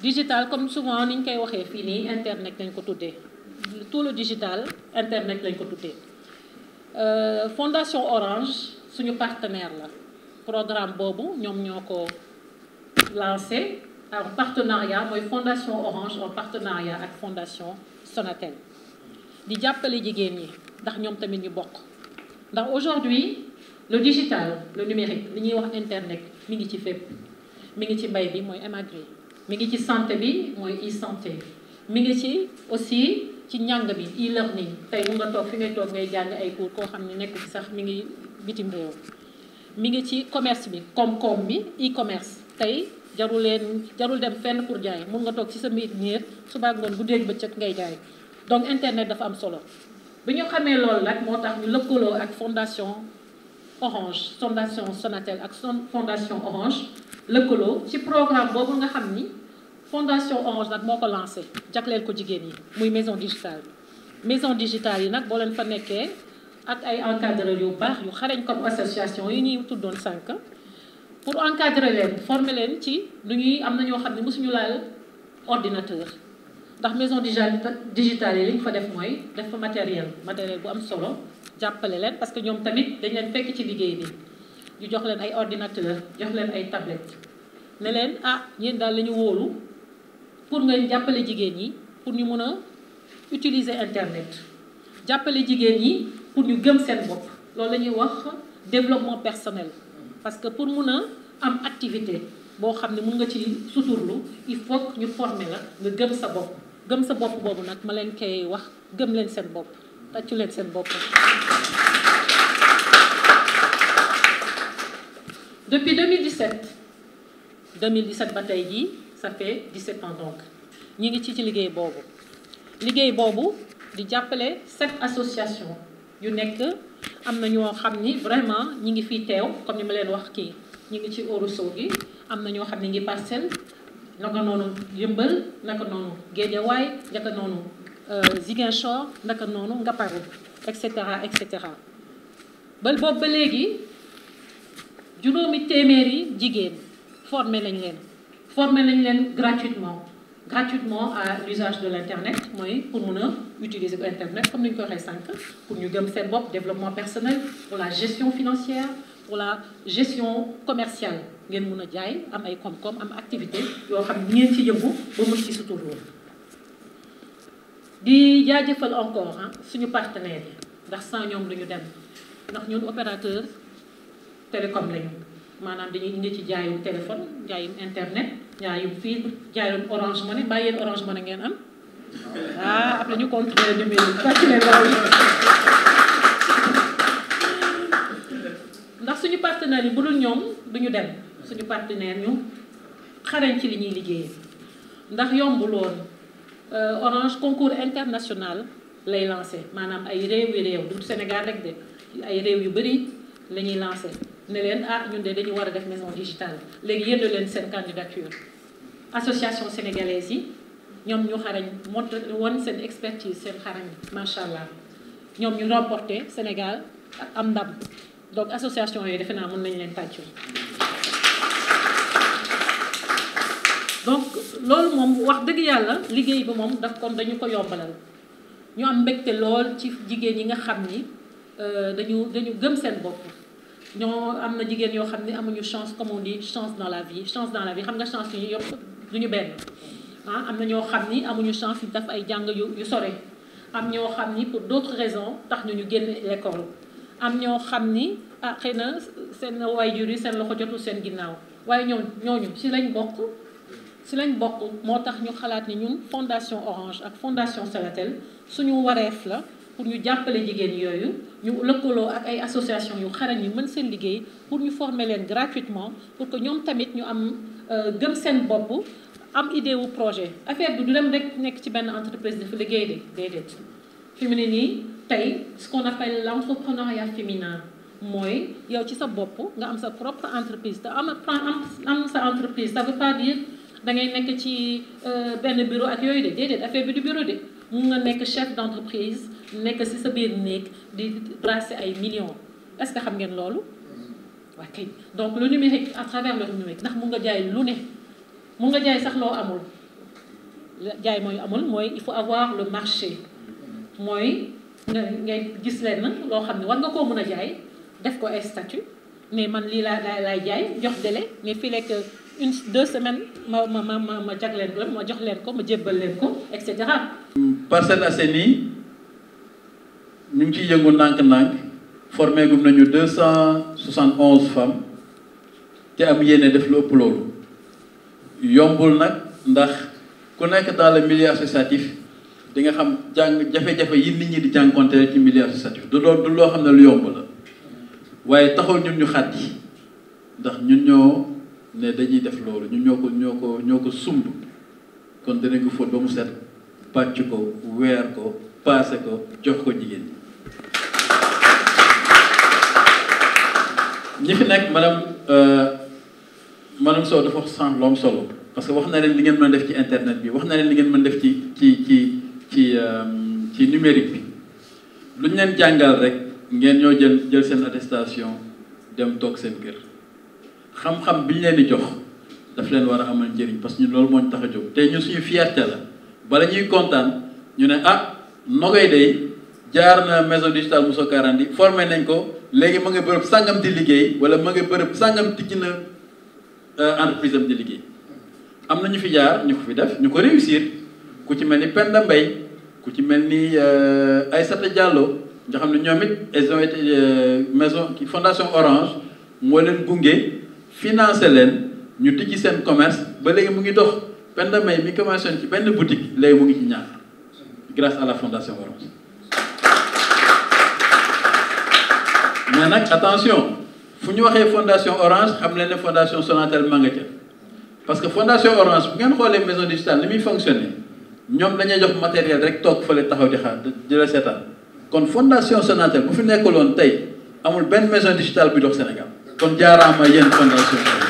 digital comme souvent niñ ñu koy waxee fii nii internet lañ ko tuddee tout le digital internet lañ ko tuddee euh, fondation Orange suñu partenaire la programme boobu ñoom ñoo ko lancé en partenariat mooy fondation Orange en partenariat ak fondation Sonatel di jàppale jigéen ñi ndax ñoom tamit ñu bokk ndax aujourd'hui le digital le numérique li ñuy wax internet mi ngi ci fépp mi ngi ci mbay bi mooy Emagri mi ngi ci santé bi mooy e-santé mi ngi ci aussi ci njàng bi e-learning tey mu nga toog fi ngay toog ngay jàng ay cours koo xam ne nekk fi sax mi ngi bitim réew mi ngi ci commerce bi koom-koom bi e-commerce tey jarul leen jarul dem fenn pour jaay mun nga toog ci sa mbir niir suba ngoon guddeeg bëccëg ngay jaay donc internet dafa am solo bi ñu xamee loolu nag moo tax ñu lëkkaloo ak fondation Orange fondation Sonatel ak fondation Orange lëkkaloo ci programme boobu nga xam ni fondation Orange nag moo ko lancé jagleel ko jigéen yi muy maison digitale maison digitale yi nag boo leen fa nekkee ak ay encadreur yu baax yu xareñ comme association yi ñuy tuddoon sànq pour encadrer leen former leen ci lu ñuy am na ñoo xam ne mosuñu laal ordinateur ndax maison digitale yi ñu fa def mooy def fa matériel matériel bu am solo jàppale leen parce que ñoom tamit dañ leen fekk ci liggéey bi ñu jox leen ay ordinateur jox leen ay tablette ne leen ah ñeen daal lañu ñu wóolu pour ngeen jàppale jigéen ñi pour ñu mën a utiliser internet jàppale jigéen ñi pour ñu gëm seen bopp loolu lañuy wax développement personnel parce que pour mun a am activité boo xam ne mu nga ci suturlu il faut ñu former la nga gëm sa bopp gëm sa bopp boobu nag ma leen koy wax gëm leen seen bopp tàccu leen seen bopp depuis 2017 2017 ba tey jii ça fait 17 ans donc ñi ngi ci ci liggéey boobu liggéey boobu di jàppale set association yu nekk am na ñoo xam ni vraiment ñi ngi fiy teew comme ni ma leen wax kii ñi ngi ci Ouro gi am na ñoo xam ne ngi parcelle naka noonu yëmbal naka noonu géejawaay naka noonu euh, Ziguinchor naka noonu Ngaparou et cetera et cetera ba boobu ba léegi juróomi téeméeri jigéen formé nañ leen formé nañ leen gratuitement gratuitement à l'usage de l'internet mooy pour mun a utiliser ko internet comme ni ñu ko waxee sànq pour ñu gëm seen bopp développement personnel pour gestion financière pour la gestion commerciale ngeen mun a jaay am ay koom-koom am activité yoo xam ni ngeen ci yëngu ba mun ci suturloo di jaajëfal encore suñu partenaires yi ndax sans ñoom du ñu dem ndax ñun opérateur télécom lañu maanaam dañuy indi ci jaayum téléphone jaayum internet jaayum fibre jaayum orange money mbaa yéen orange money ngeen am ah après ñu contrôler numéro yi ndax suñu partenaires yi bu dul ñoom duñu dem suñu partenaire ñu xarañ ci li ñuy liggéeyee ndax yombul woon euh, Orange concours international lay lancé maanaam ay réew yi réew du Sénégal rek de ay réew yu bëri lañuy ñuy ne leen ah ñun de dañu war a def maison digitale léegi yëndu leen seen candidature association sénégalaise yi ñoom ñu xarañ mot woon seen expertise seen xarañ macha allah ñoom ñu remporté Sénégal am ndam donc association yooyu defe naa mën nañ leen tàccu loolu moom wax dëgg yàlla liggéey bi moom daf kon dañu ko yombalal ñu am mbégte lool ci jigéen yi nga xam ni euh, dañu dañu gëm seen bopp ñoo am na jigéen yoo xam ne amuñu chance comme on dit chance dans la vie chance dans la vie xam nga chance yi yëpp duñu benn ah, am na ñoo xam ni amuñu chance yi daf ay jàng yu yu sore am ñoo xam ni pour d'autres raisons tax ñu ñu génn l'école am ñoo xam ni ah xëy na seen waajur yi seen loxo jotul seen ginnaaw waaye ñoo ñooñu ci lañ bokk ci lañ bokk moo tax ñu xalaat ni ñun fondation Orange ak fondation Sonatel suñu wareef la pour ñu jàppale jigéen yooyu ñu lëkkaloo ak ay association yu xarañ yu mën seen liggéey pour ñu former leen gratuitement pour que ñoom tamit ñu am euh, gëm seen bopp am idée wu projet affaire bi du dem rek nekk ci benn entreprise dafa liggéey de déedéet fi ne nii tey ce qu'on appelle l' entrepreneuriat féminin mooy yow ci sa bopp nga am sa propre entreprise te am am sa entreprise sa veut pas dire da ngay nekk ci euh, benn bureau ak yooyu de déedéet affaire bi du bureau de mun nga nekk chef d' entreprise nekk si sa biir néeg di brasser ay millions est ce que xam ngeen loolu. waa kay donc le numérique à travers le numérique ndax mun nga jaay lu ne mun nga jaay sax loo amul jaay mooy amul mooy il faut avoir le marché. mooy nga ngay gis lenn loo xam ne war nga koo mën a jaay def ko ay statut mais man lii laa laa laay jaay jox délai mais fii lekk une deux semaines ma ma ma ma ma jag leen ko ma jox leen ko ma jébbal leen ko et cetera. Parcelles Assainies ñu ngi ciy yëngu ndànk-ndànk formé gum nañu deux cent soixante onze femmes te am yéene def lu ëpp loolu yombul nag ndax ku nekk dans le milieu associatif. di nga xam jàng jafe-jafe yi nit ñi di jànkonteel ci milieu associatif du loo du loo xam ne lu yomb la waaye taxul ñun ñu xàtt yi ndax ñu ñoo ne dañuy def loolu ñu ñoo ko ñoo ko ñoo ko sumb kon dinañ ko fóot ba mu set pàcc ko weer ko paase ko jox ko jigéen ñi. ñi fi nekk maanaam euh, maanaam Sow dafa wax sànq loom solo parce que wax na leen li ngeen mën def ci internet bi wax na leen li ngeen mën def ci ci ci ci euh, ci numérique bi lu ñu leen jàngal rek ngeen ñoo jël jël seen attestation dem toog seen kër xam-xam bi ñu leen di jox daf leen war a amal njëriñ parce que loolu mooy tax a jóg te ñu suñu fierté la bala ñuy kontaan ñu ne ah Nogaye day jaar na maison digitale Moussa Karandi formé nañ ko léegi ma nga bërëb sàngam di liggéey wala ma nga bërëb sàngam di na euh, entreprise am di liggéey am na ñu fi jaar ñu ko fi def ñu ko réussir. ku ci mel ni Penda Mbaye ku ci mel ni euh, Aïssata Diallo nga xam ne ñoom it ils ont euh, maison fondation Orange moo leen gunge financé leen ñu tijji seen commerce ba léegi mu ngi dox Penda Mbaye mi commencé woon ci benn boutique léegi mu ngi ci ñaar grâce à la fondation Orange mais nag attention fu ñu waxee fondation Orange xam leen ne fondation Sonatel ma nga parce que fondation Orange bu ngeen xoolee maison digitale ni muy fonctionner ñoom dañuy jox matériel rek toog fële taxaw di xaar di la seetaan kon fondation Sonatel bu fi nekkul woon tey amul benn maison digitale bu dox Sénégal kon jaaraama yéen fondation